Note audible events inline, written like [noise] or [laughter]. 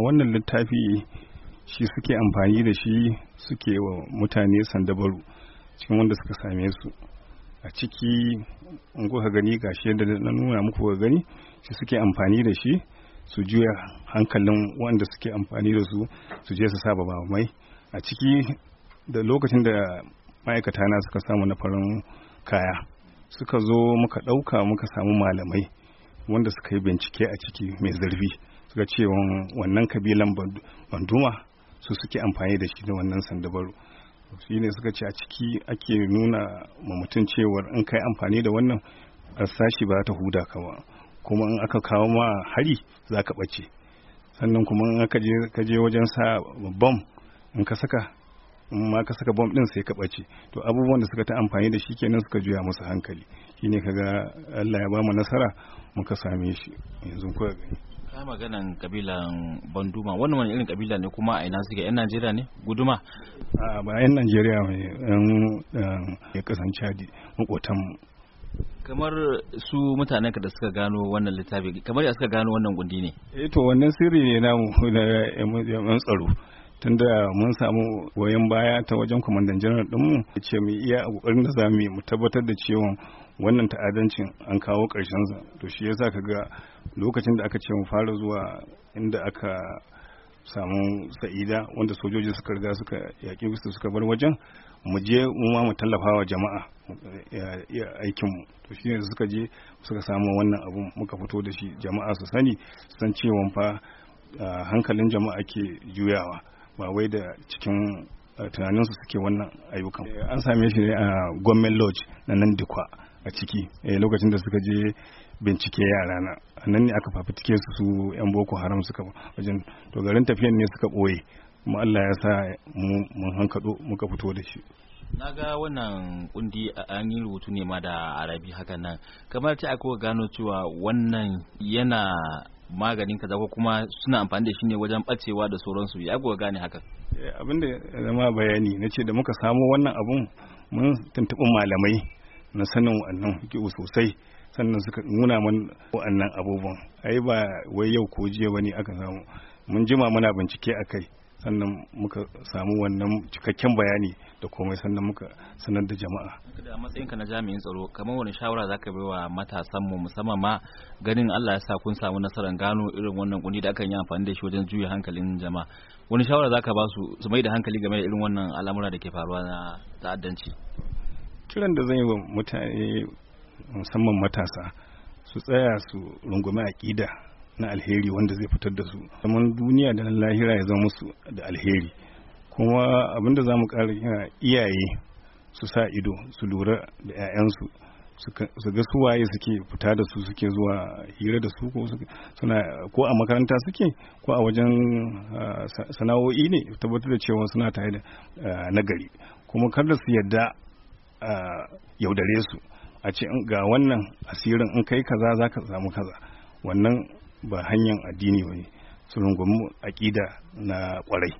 wannan littafi shi suke amfani da shi suke wa mutane sandabaru cikin wanda suka same su a ciki in kuka gani gashi yadda na nuna muku ga gani shi suke amfani da shi su juya hankalin wanda suke amfani da su su je su sa mai a ciki da lokacin da ma'aikata na suka samu na farin kaya suka zo muka ɗauka muka samu malamai wanda suka yi bincike a ciki mai zurfi suka ce wannan kabilan banduma su suke amfani da shi da wannan sandabaru shi ne suka ce a ciki ake nuna ma mutum cewar in kai amfani da wannan sashi ba ta huda ka ba kuma in aka kawo ma hari za ka ɓace sannan kuma in aka je wajen sa bom in ka saka in ma ka saka bom din sai ka ɓace to abubuwan da suka ta amfani da shi kenan suka juya musu hankali shi ne kaga Allah ya ba mu nasara muka same shi yanzu kuka gani kai maganan kabilan banduma wannan wani irin kabila ne kuma a ina suke yan najeriya ne guduma a ba yan najeriya mai yan ya kasan chadi makotanmu kamar su mutanen da suka gano wannan littafi kamar ya suka gano wannan gundi ne eh to wannan sirri ne namu da [laughs] yan tsaro tunda mun samu goyon baya ta wajen kwamandan janar dinmu ce mu iya kokarin da za mu tabbatar da cewa wannan ta'adancin an kawo ƙarshensa to shi yasa ka ga lokacin da aka ce mu fara zuwa inda aka samu sa'ida wanda sojoji suka riga suka yaƙi wasu suka bar wajen mu je mu ma mu tallafa wa jama'a ya aikinmu to shi yanzu suka je suka samu wannan abun muka fito da shi jama'a su sani san cewa fa hankalin jama'a ke juyawa ba wai da cikin tunaninsu suke wannan ayyukan an same shi ne a gwamnan lodge na nan dikwa a ciki eh, lokacin da suka je bincike yara na nan ne aka fafitike su su yan boko haram suka wajen to garin tafiyan ne suka boye kuma Allah ya sa mun hankado muka fito da shi na ga wannan kundi an yi rubutu ne ma da arabi haka nan kamar ta aka gano cewa wannan yana maganin kaza ko kuma suna amfani da shi ne wajen bacewa da sauransu ya kuwa gane haka eh, abin da zama bayani na ce da muka samo wannan abun mun tuntuɓi malamai na sanin wa'annan fikihu sosai sannan suka nuna man wa'annan abubuwan ai ba wai yau ko jiya bane aka samu mun jima muna bincike a kai sannan muka samu wannan cikakken bayani da komai sannan muka sanar da jama'a da matsayinka na jami'in tsaro kamar wani shawara za ka baiwa matasan mu musamman ma ganin Allah ya sa kun samu nasarar gano irin wannan kundi da aka yi amfani da shi wajen juya hankalin jama'a wani shawara za ka ba su su mai hankali game da irin wannan al'amura da ke faruwa na ta'addanci kiran da zan yi wa mutane musamman matasa su tsaya su rungumi aƙida na alheri wanda zai fitar da su zaman duniya da lahira ya zama musu da alheri kuma abinda za mu ƙara iyaye su sa ido su lura da 'ya'yansu su ga suwaye suke fita da su suke zuwa hira da su ko a makaranta suke ko a wajen sana'o'i ne tabbatar da cewa suna tare da nagari kuma kada su yadda Eh, yaudare su a ce ga wannan asirin in kai kaza za ka samu kaza wannan ba hanyar addini ba ne su rungumi aƙida na ƙwarai